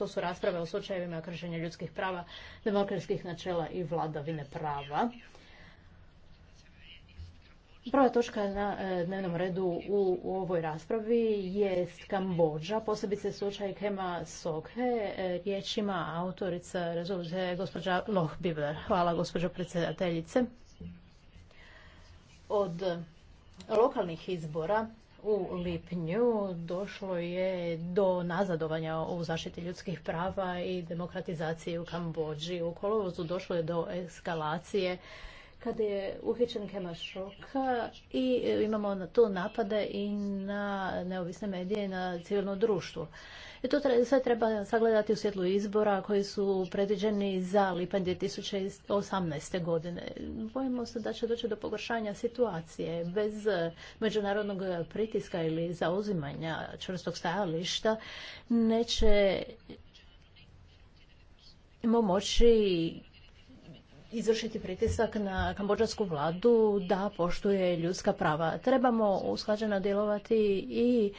To su rasprave o slučajevima kršenja ljudskih prava, demokratskih načela i vladavine prava. Prva točka na e, dnevnom redu u, ovoj raspravi je Kambođa, posebice slučaj Kema Sokhe, e, riječima autorica rezolucije gospođa Biber Hvala gospođo predsjedateljice. Od lokalnih izbora u lipnju došlo je do nazadovanja u zaštiti ljudskih prava i demokratizacije u Kambođi. U kolovozu došlo je do eskalacije kada je uhićen Kema i imamo na to napade i na neovisne medije i na civilno društvo. I e, to sve treba sagledati u svjetlu izbora koji su predviđeni za lipanj 2018. godine. Bojimo se da će doći do pogoršanja situacije. Bez međunarodnog pritiska ili zauzimanja čvrstog stajališta neće moći izvršiti pritisak na kambođansku vladu da poštuje ljudska prava. Trebamo usklađeno djelovati i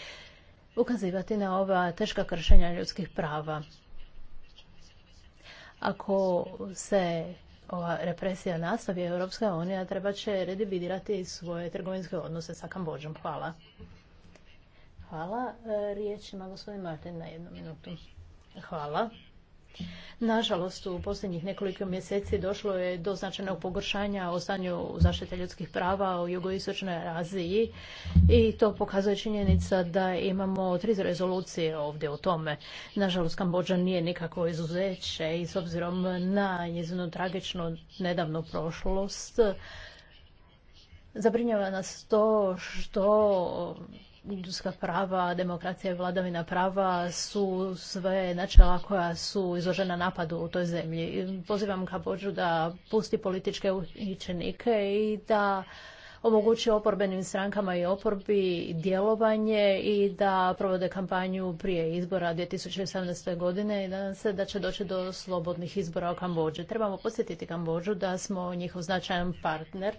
ukazivati na ova teška kršenja ljudskih prava. Ako se ova represija nastavi, Europska unija treba će redividirati svoje trgovinske odnose sa Kambođom. Hvala. Hvala. E, riječ ima gospodin Martin na jednu minutu. Hvala. Nažalost, u posljednjih nekoliko mjeseci došlo je do značajnog pogoršanja o stanju zaštite ljudskih prava u jugoistočnoj Aziji i to pokazuje činjenica da imamo tri rezolucije ovdje o tome. Nažalost, Kambođa nije nikako izuzeće i s obzirom na njezinu tragičnu nedavnu prošlost, zabrinjava nas to što ljudska prava, demokracija i vladavina prava su sve načela koja su izložena napadu u toj zemlji. Pozivam Kabođu da pusti političke uhićenike i da omogući oporbenim strankama i oporbi djelovanje i da provode kampanju prije izbora 2017. godine i nadam se da će doći do slobodnih izbora u Kambođe. Trebamo posjetiti Kambođu da smo njihov značajan partner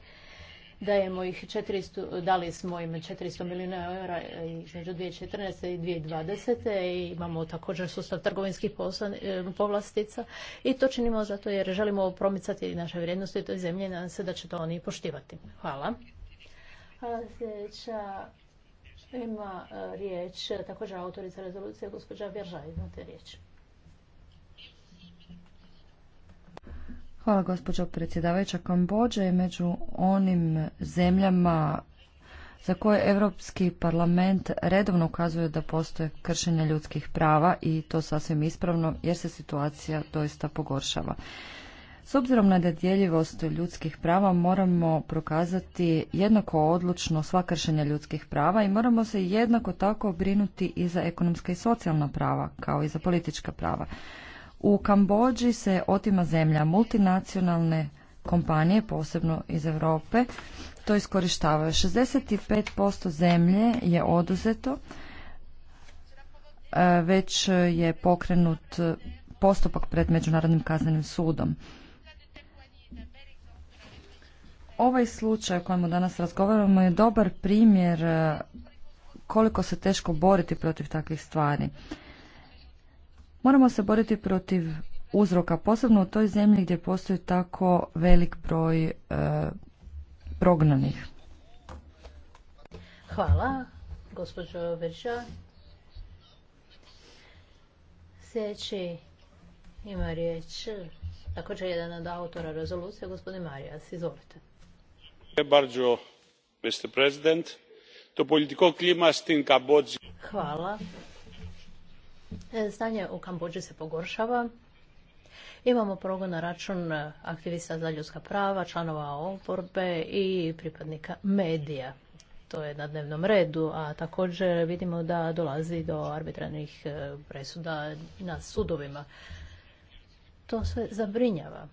dajemo ih 400, dali smo im 400 milijuna eura između 2014. i 2020. I imamo također sustav trgovinskih e, povlastica i to činimo zato jer želimo promicati naše vrijednosti u toj zemlji i nadam se da će to oni poštivati. Hvala. Hvala sljedeća ima e, riječ također autorica rezolucije, gospođa Bjeržaj, imate riječ. Hvala gospođo predsjedavajuća. Kambođa je među onim zemljama za koje Europski parlament redovno ukazuje da postoje kršenja ljudskih prava i to sasvim ispravno jer se situacija doista pogoršava. S obzirom na nedjeljivost ljudskih prava moramo prokazati jednako odlučno sva kršenja ljudskih prava i moramo se jednako tako brinuti i za ekonomska i socijalna prava kao i za politička prava. U Kambođi se otima zemlja multinacionalne kompanije, posebno iz Europe, to iskorištavaju. 65% zemlje je oduzeto, e, već je pokrenut postupak pred Međunarodnim kaznenim sudom. Ovaj slučaj o kojemu danas razgovaramo je dobar primjer e, koliko se teško boriti protiv takvih stvari. Moramo se boriti protiv uzroka, posebno u toj zemlji gdje postoji tako velik broj e, prognanih. Hvala, gospođo Verža. Sljedeći ima riječ također jedan od autora rezolucije, gospodin Marijas. Izvolite. Bardzo, Mr. President. To politiko klima stin Hvala, Stanje u Kambođi se pogoršava. Imamo progon na račun aktivista za ljudska prava, članova oporbe i pripadnika medija. To je na dnevnom redu, a također vidimo da dolazi do arbitranih e, presuda na sudovima. To sve zabrinjava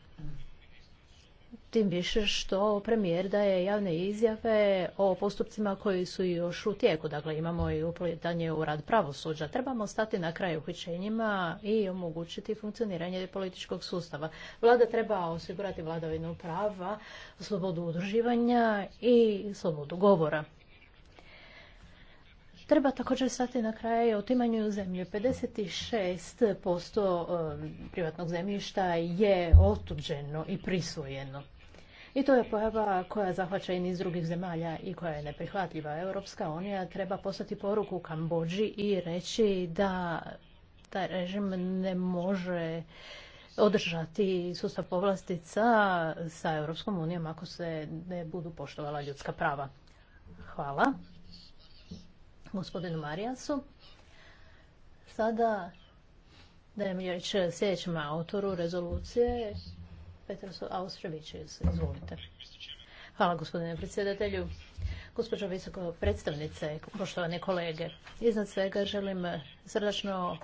tim više što premijer daje javne izjave o postupcima koji su još u tijeku. Dakle, imamo i uplitanje u rad pravosuđa. Trebamo stati na kraju uhićenjima i omogućiti funkcioniranje političkog sustava. Vlada treba osigurati vladavinu prava, slobodu udruživanja i slobodu govora. Treba također stati na kraj timanju zemlje. 56% um, privatnog zemljišta je otuđeno i prisvojeno. I to je pojava koja zahvaća i niz drugih zemalja i koja je neprihvatljiva. Europska unija treba poslati poruku u Kambođi i reći da taj režim ne može održati sustav povlastica sa Europskom unijom ako se ne budu poštovala ljudska prava. Hvala gospodinu Marijasu. Sada dajem riječ sljedećem autoru rezolucije, Petrosu Austrovića. Izvolite. Hvala gospodine predsjedatelju. Gospođo visoko predstavnice, poštovane kolege, iznad svega želim srdačno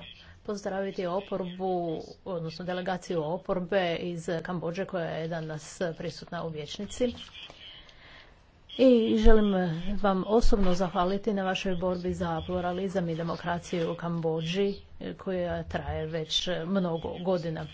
pozdraviti oporbu, odnosno delegaciju oporbe iz Kambođe koja je danas prisutna u vječnici i želim vam osobno zahvaliti na vašoj borbi za pluralizam i demokraciju u Kambođi koja traje već mnogo godina.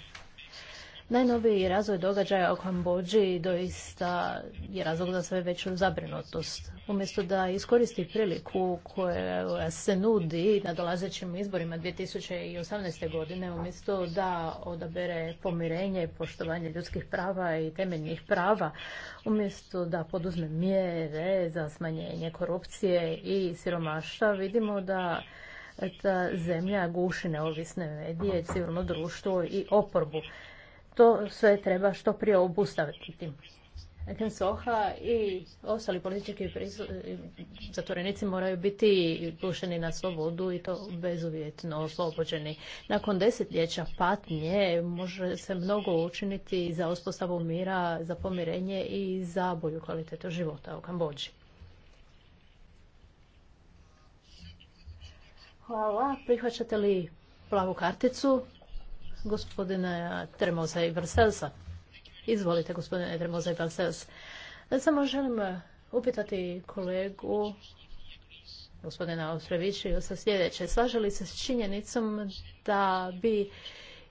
Najnoviji razvoj događaja u Kambođi doista je razlog za sve veću zabrinutost. Umjesto da iskoristi priliku koja se nudi na dolazećim izborima 2018. godine, umjesto da odabere pomirenje, i poštovanje ljudskih prava i temeljnih prava, umjesto da poduzme mjere za smanjenje korupcije i siromaštva, vidimo da ta zemlja guši neovisne medije, civilno društvo i oporbu to sve treba što prije obustaviti. Ken Soha i ostali politički zatvorenici moraju biti pušeni na slobodu i to bezuvjetno oslobođeni. Nakon desetljeća patnje može se mnogo učiniti za uspostavu mira, za pomirenje i za bolju kvalitetu života u Kambođi. Hvala. Prihvaćate li plavu karticu? gospodina Tremosa i Barcelsa. Izvolite, gospodine Tremosa i Ja Samo želim eh, upitati kolegu gospodina Ostreviću sa sljedeće. Slaže li se s činjenicom da bi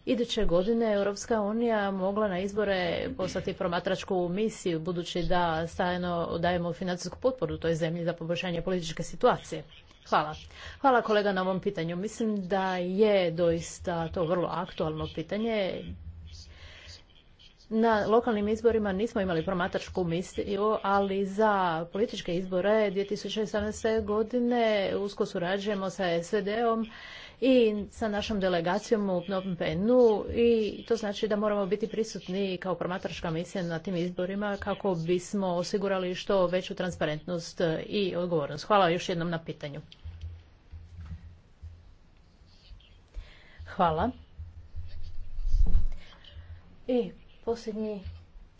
iduće godine Europska unija mogla na izbore poslati promatračku misiju budući da stajeno dajemo financijsku potporu toj zemlji za poboljšanje političke situacije? Hvala. Hvala kolega na ovom pitanju. Mislim da je doista to vrlo aktualno pitanje. Na lokalnim izborima nismo imali promatačku misiju, ali za političke izbore 2017. godine usko surađujemo sa SVD-om i sa našom delegacijom u Phnom Penhu i to znači da moramo biti prisutni kao promatračka misija na tim izborima kako bismo osigurali što veću transparentnost i odgovornost. Hvala još jednom na pitanju. Hvala. I posljednji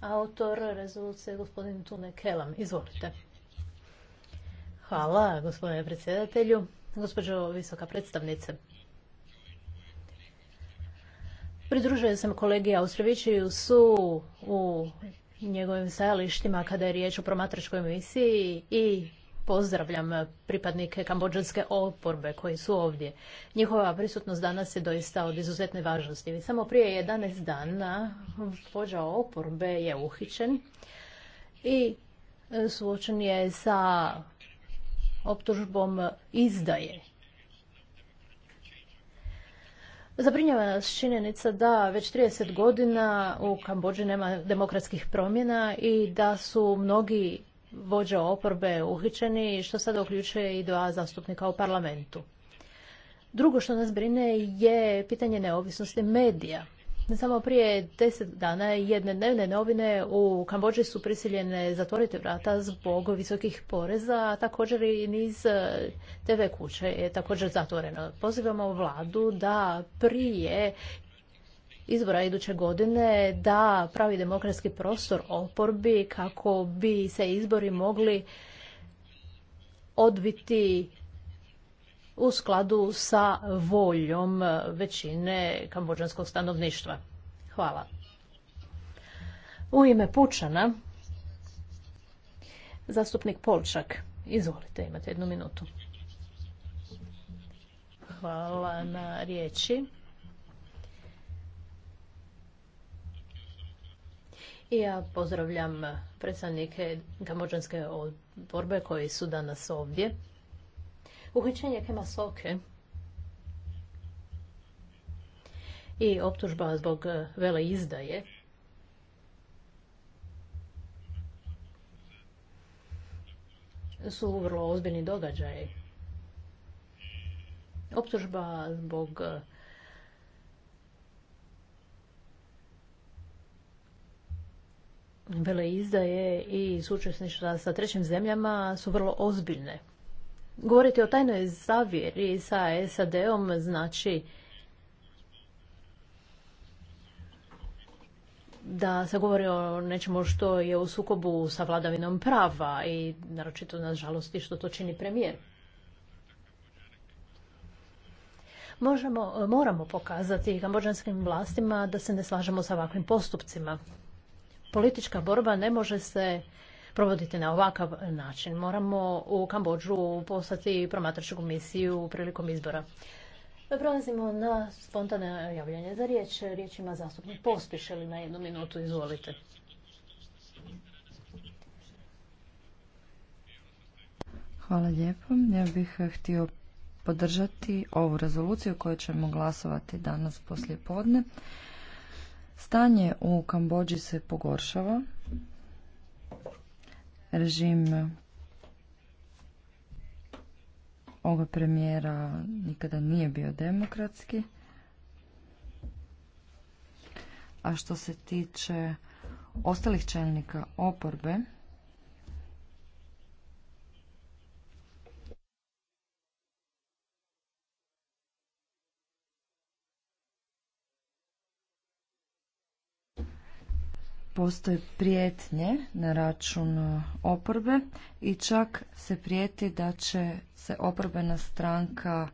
autor rezolucije gospodin Tune Kelam. Izvolite. Hvala gospodine predsjedatelju, gospođo visoka predstavnice. Pridružujem sam kolegi Austrovićiju su u njegovim stajalištima kada je riječ o promatračkoj emisiji i pozdravljam pripadnike kambođanske oporbe koji su ovdje. Njihova prisutnost danas je doista od izuzetne važnosti. Samo prije 11 dana pođa oporbe je uhićen i suočen je sa optužbom izdaje. Zabrinjava nas činjenica da već 30 godina u Kambođi nema demokratskih promjena i da su mnogi vođa oporbe uhičeni, što sada uključuje i dva zastupnika u parlamentu. Drugo što nas brine je pitanje neovisnosti medija. Samo prije deset dana jedne dnevne novine u Kambođi su prisiljene zatvoriti vrata zbog visokih poreza, a također i niz e, TV kuće je također zatvoreno. Pozivamo vladu da prije izbora iduće godine da pravi demokratski prostor oporbi kako bi se izbori mogli odbiti u skladu sa voljom većine kambođanskog stanovništva. Hvala. U ime Pučana, zastupnik Polčak. Izvolite, imate jednu minutu. Hvala na riječi. Ja pozdravljam predstavnike Kambođanske borbe koji su danas ovdje uhićenje Kema Soke i optužba zbog e, vele izdaje su vrlo ozbiljni događaji. Optužba zbog e, veleizdaje i sučesništva sa trećim zemljama su vrlo ozbiljne. Govoriti o tajnoj zavjeri sa SAD-om znači da se govori o nečemu što je u sukobu sa vladavinom prava i naročito na žalosti što to čini premijer. Možemo, moramo pokazati kambođanskim vlastima da se ne slažemo sa ovakvim postupcima. Politička borba ne može se provoditi na ovakav način. Moramo u Kambođu poslati promatračku misiju prilikom izbora. Prelazimo na spontane javljanje za riječ. Riječ ima zastupnik Pospiš, ili na jednu minutu, izvolite. Hvala lijepo. Ja bih htio podržati ovu rezoluciju koju ćemo glasovati danas poslije podne. Stanje u Kambođi se pogoršava. Režim ovog premijera nikada nije bio demokratski. A što se tiče ostalih čelnika oporbe, postoje prijetnje na račun oporbe i čak se prijeti da će se oporbena stranka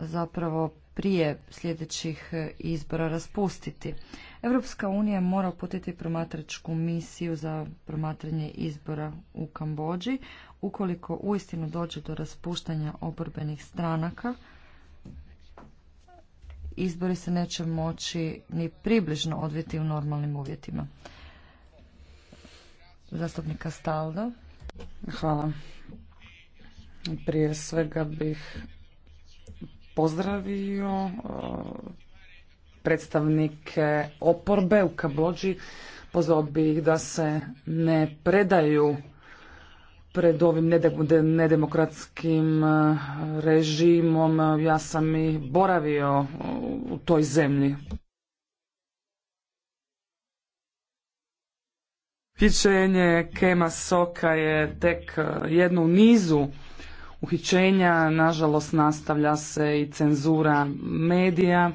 zapravo prije sljedećih izbora raspustiti. Europska unija mora uputiti promatračku misiju za promatranje izbora u Kambođi. Ukoliko uistinu dođe do raspuštanja oporbenih stranaka, izbori se neće moći ni približno odviti u normalnim uvjetima. Zastupnika Astaldo. Hvala. Prije svega bih pozdravio e, predstavnike oporbe u Kablođi. Pozvao bih da se ne predaju pred ovim nedemokratskim e, režimom. Ja sam i boravio u toj zemlji. Hićenje Kema Soka je tek e, jedno u nizu uhićenja. Nažalost, nastavlja se i cenzura medija.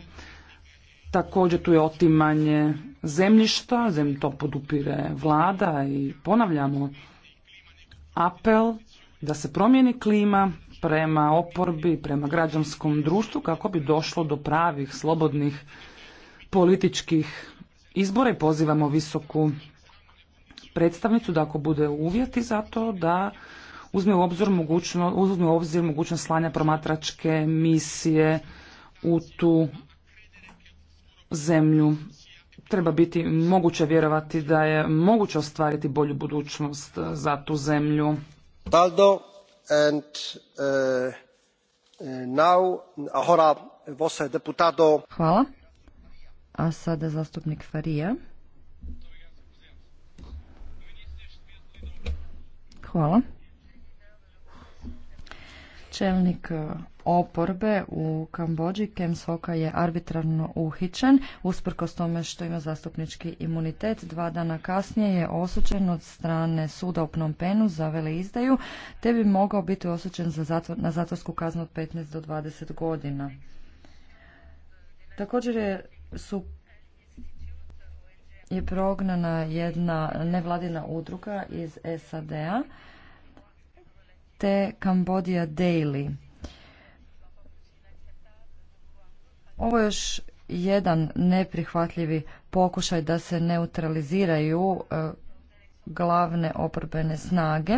Također tu je otimanje zemljišta, zem to podupire vlada i ponavljamo apel da se promijeni klima prema oporbi, prema građanskom društvu kako bi došlo do pravih, slobodnih političkih izbora i pozivamo visoku predstavnicu da ako bude uvjeti za to da uzme u obzir mogućnost, uzme u obzir mogućnost slanja promatračke misije u tu zemlju treba biti moguće vjerovati da je moguće ostvariti bolju budućnost za tu zemlju. Baldo and uh, now eh, deputado. Hvala. A sada zastupnik Farija. Hvala. Čelnik eh, oporbe u Kambođi, Kem Soka je arbitrarno uhićen, usprkos tome što ima zastupnički imunitet. Dva dana kasnije je osuđen od strane suda u Pnompenu za izdaju te bi mogao biti osuđen za na zatvorsku kaznu od 15 do 20 godina. Također je, su je prognana jedna nevladina udruga iz SAD-a te Cambodia Daily Ovo je još jedan neprihvatljivi pokušaj da se neutraliziraju e, glavne oporbene snage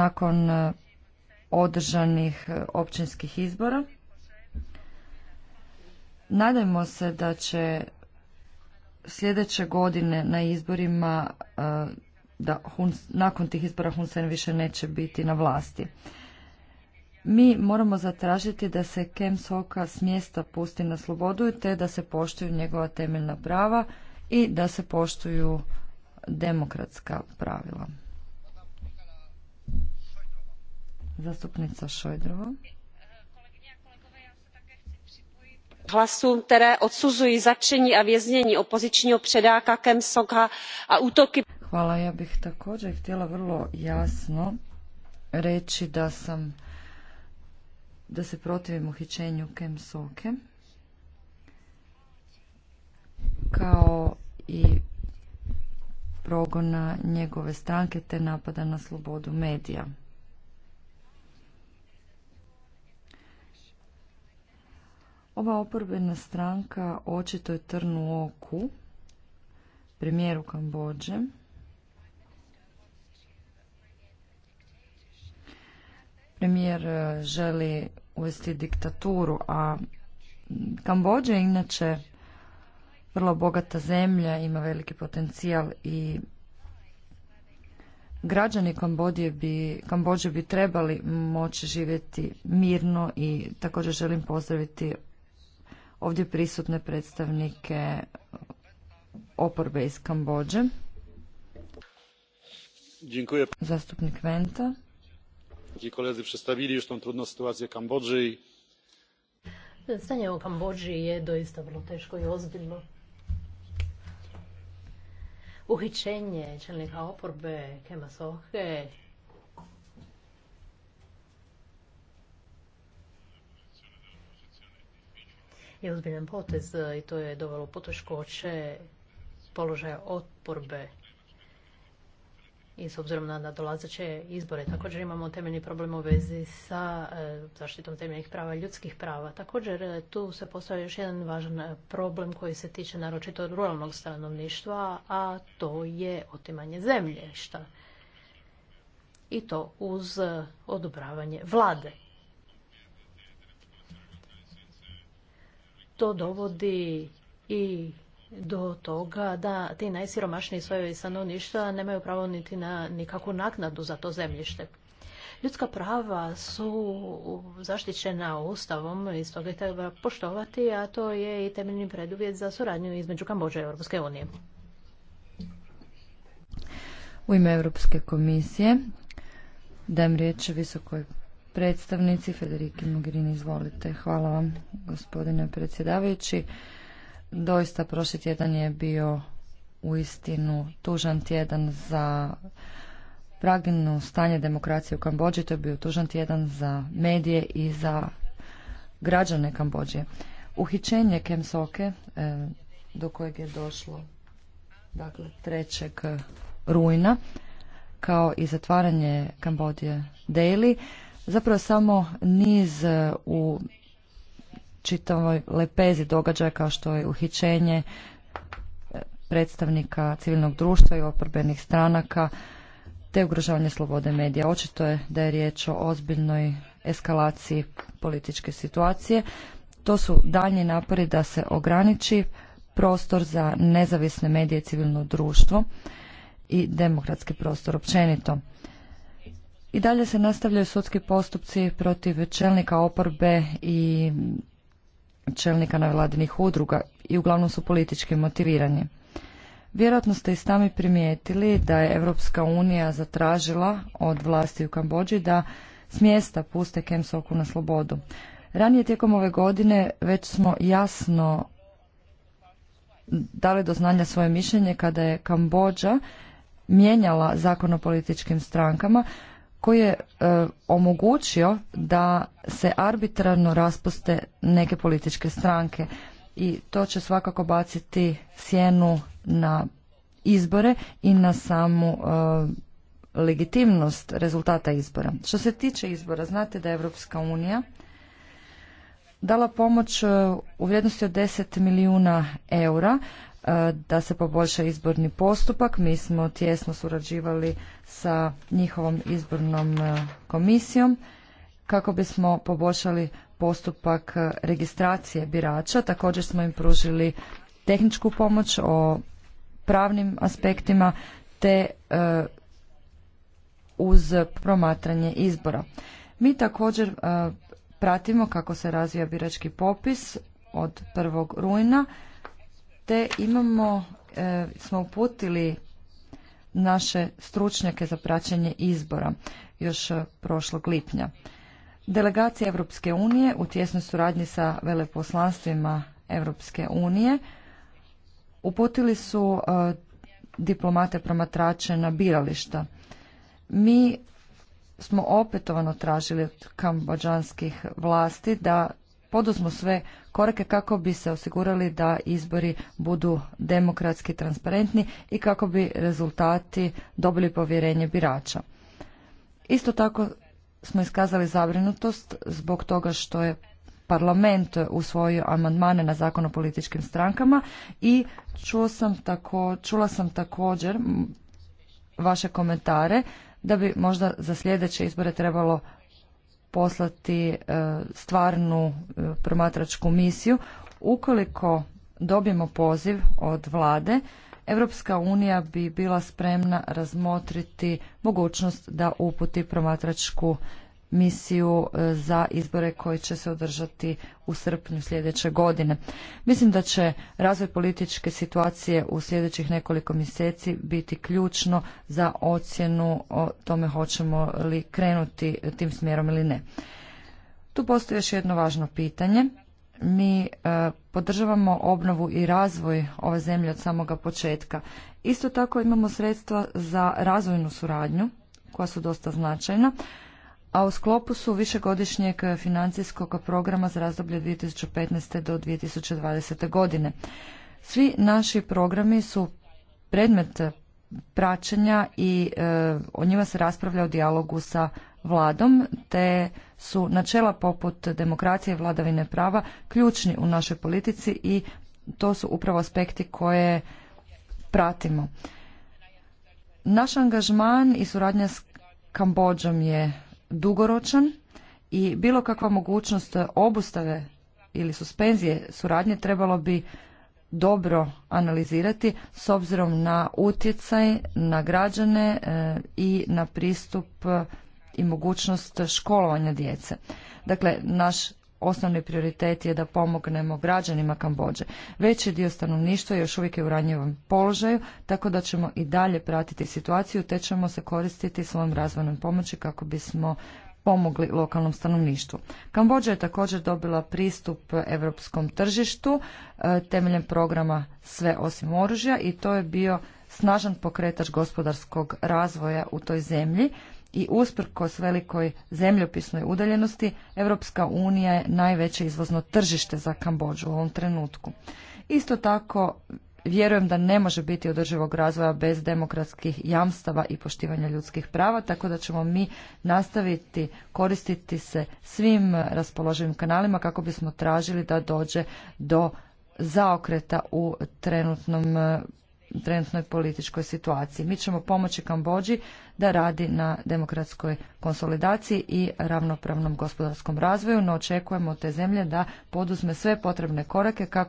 nakon e, održanih e, općinskih izbora. Nadajmo se da će sljedeće godine na izborima da nakon tih izbora Hunsen više neće biti na vlasti. Mi moramo zatražiti da se Kem Soka s mjesta pusti na slobodu te da se poštuju njegova temeljna prava i da se poštuju demokratska pravila. Zastupnica Šojdrova. hlasům které odsuzují zatčení a věznění opozičního předáka kem a útoky. hvala ja bih također htjela vrlo jasno reći da sam da se protivim uhićenju Kem Soke kao i progona njegove stranke te napada na slobodu medija. Ova oporbena stranka očito je trnu oku premijeru Kambođe premijer e, želi uvesti diktaturu, a Kambođa je inače vrlo bogata zemlja, ima veliki potencijal i građani Kambodje bi, Kambođe bi trebali moći živjeti mirno i također želim pozdraviti ovdje prisutne predstavnike oporbe iz Kambođe. Zastupnik Venta i koledzy przedstawili już tą trudną sytuację Kambodży i Stanje o Kambodži je doista vrlo teško i ozbiljno. Uhićenje čelnika oporbe Kema Sohe je ozbiljan potez i to je dovelo poteškoće položaja oporbe i s obzirom na dolazeće izbore. Također imamo temeljni problem u vezi sa e, zaštitom temeljnih prava i ljudskih prava. Također e, tu se postavlja još jedan važan e, problem koji se tiče naročito ruralnog stanovništva, a to je otimanje zemljišta. I to uz odobravanje vlade. To dovodi i do toga da ti najsiromašniji svojevi stanovništva nemaju pravo niti na nikakvu naknadu za to zemljište. Ljudska prava su zaštićena ustavom i stoga ih treba poštovati, a to je i temeljni preduvjet za suradnju između Kambođe i Europske unije. U ime Europske komisije dajem riječ visokoj predstavnici Federiki Mogherini. Izvolite. Hvala vam, gospodine predsjedavajući. Doista prošli tjedan je bio uistinu tužan tjedan za pragnu stanje demokracije u Kambođi. To je bio tužan tjedan za medije i za građane Kambođe. Uhićenje Kemsoke, e, do kojeg je došlo dakle, 3. rujna, kao i zatvaranje Kambodje Daily, zapravo samo niz e, u čitavoj lepezi događaja kao što je uhićenje e, predstavnika civilnog društva i oporbenih stranaka te ugrožavanje slobode medija. Očito je da je riječ o ozbiljnoj eskalaciji političke situacije. To su daljnji napori da se ograniči prostor za nezavisne medije i civilno društvo i demokratski prostor općenito. I dalje se nastavljaju sudski postupci protiv čelnika oporbe i čelnika nevladinih udruga i uglavnom su politički motivirani. Vjerojatno ste i sami primijetili da je Europska unija zatražila od vlasti u Kambođi da smjesta puste kemsoku na slobodu. Ranije tijekom ove godine već smo jasno dali do znanja svoje mišljenje kada je Kambođa mijenjala zakon o političkim strankama koji je e, omogućio da se arbitrarno raspuste neke političke stranke i to će svakako baciti sjenu na izbore i na samu e, legitimnost rezultata izbora. Što se tiče izbora, znate da je Europska unija dala pomoć e, u vrijednosti od 10 milijuna eura da se poboljša izborni postupak. Mi smo tjesno surađivali sa njihovom izbornom e, komisijom kako bismo poboljšali postupak e, registracije birača. Također smo im pružili tehničku pomoć o pravnim aspektima te e, uz promatranje izbora. Mi također pratimo kako se razvija birački popis od 1. rujna te imamo, e, smo uputili naše stručnjake za praćenje izbora još e, prošlog lipnja. Delegacija Europske unije u tjesnoj suradnji sa veleposlanstvima Europske unije uputili su e, diplomate promatrače na birališta. Mi smo opetovano tražili od kambođanskih vlasti da poduzmu sve korake kako bi se osigurali da izbori budu demokratski transparentni i kako bi rezultati dobili povjerenje birača. Isto tako smo iskazali zabrinutost zbog toga što je parlament usvojio amandmane na zakon o političkim strankama i čuo sam tako, čula sam također vaše komentare da bi možda za sljedeće izbore trebalo poslati e, stvarnu e, promatračku misiju. Ukoliko dobijemo poziv od vlade, Europska unija bi bila spremna razmotriti mogućnost da uputi promatračku misiju e, za izbore koji će se održati u srpnju sljedeće godine. Mislim da će razvoj političke situacije u sljedećih nekoliko mjeseci biti ključno za ocjenu o tome hoćemo li krenuti tim smjerom ili ne. Tu postoji još jedno važno pitanje. Mi e, podržavamo obnovu i razvoj ove zemlje od samoga početka. Isto tako imamo sredstva za razvojnu suradnju koja su dosta značajna a u sklopu su višegodišnjeg financijskog programa za razdoblje 2015. do 2020. godine. Svi naši programi su predmet praćenja i e, o njima se raspravlja u dijalogu sa vladom, te su načela poput demokracije i vladavine prava ključni u našoj politici i to su upravo aspekti koje pratimo. Naš angažman i suradnja s Kambodžom je dugoročan i bilo kakva mogućnost obustave ili suspenzije suradnje trebalo bi dobro analizirati s obzirom na utjecaj na građane e, i na pristup i mogućnost školovanja djece. Dakle, naš osnovni prioritet je da pomognemo građanima Kambođe. Veći dio stanovništva još uvijek je u ranjivom položaju, tako da ćemo i dalje pratiti situaciju te ćemo se koristiti svojom razvojnom pomoći kako bismo pomogli lokalnom stanovništvu. Kambođa je također dobila pristup europskom tržištu e, temeljem programa Sve osim oružja i to je bio snažan pokretač gospodarskog razvoja u toj zemlji i usprkos velikoj zemljopisnoj udaljenosti Europska unija je najveće izvozno tržište za Kambodžu u ovom trenutku. Isto tako vjerujem da ne može biti održivog razvoja bez demokratskih jamstava i poštivanja ljudskih prava, tako da ćemo mi nastaviti koristiti se svim raspoloživim kanalima kako bismo tražili da dođe do zaokreta u trenutnom trenutnoj političkoj situaciji. Mi ćemo pomoći Kambođi da radi na demokratskoj konsolidaciji i ravnopravnom gospodarskom razvoju, no očekujemo te zemlje da poduzme sve potrebne korake kako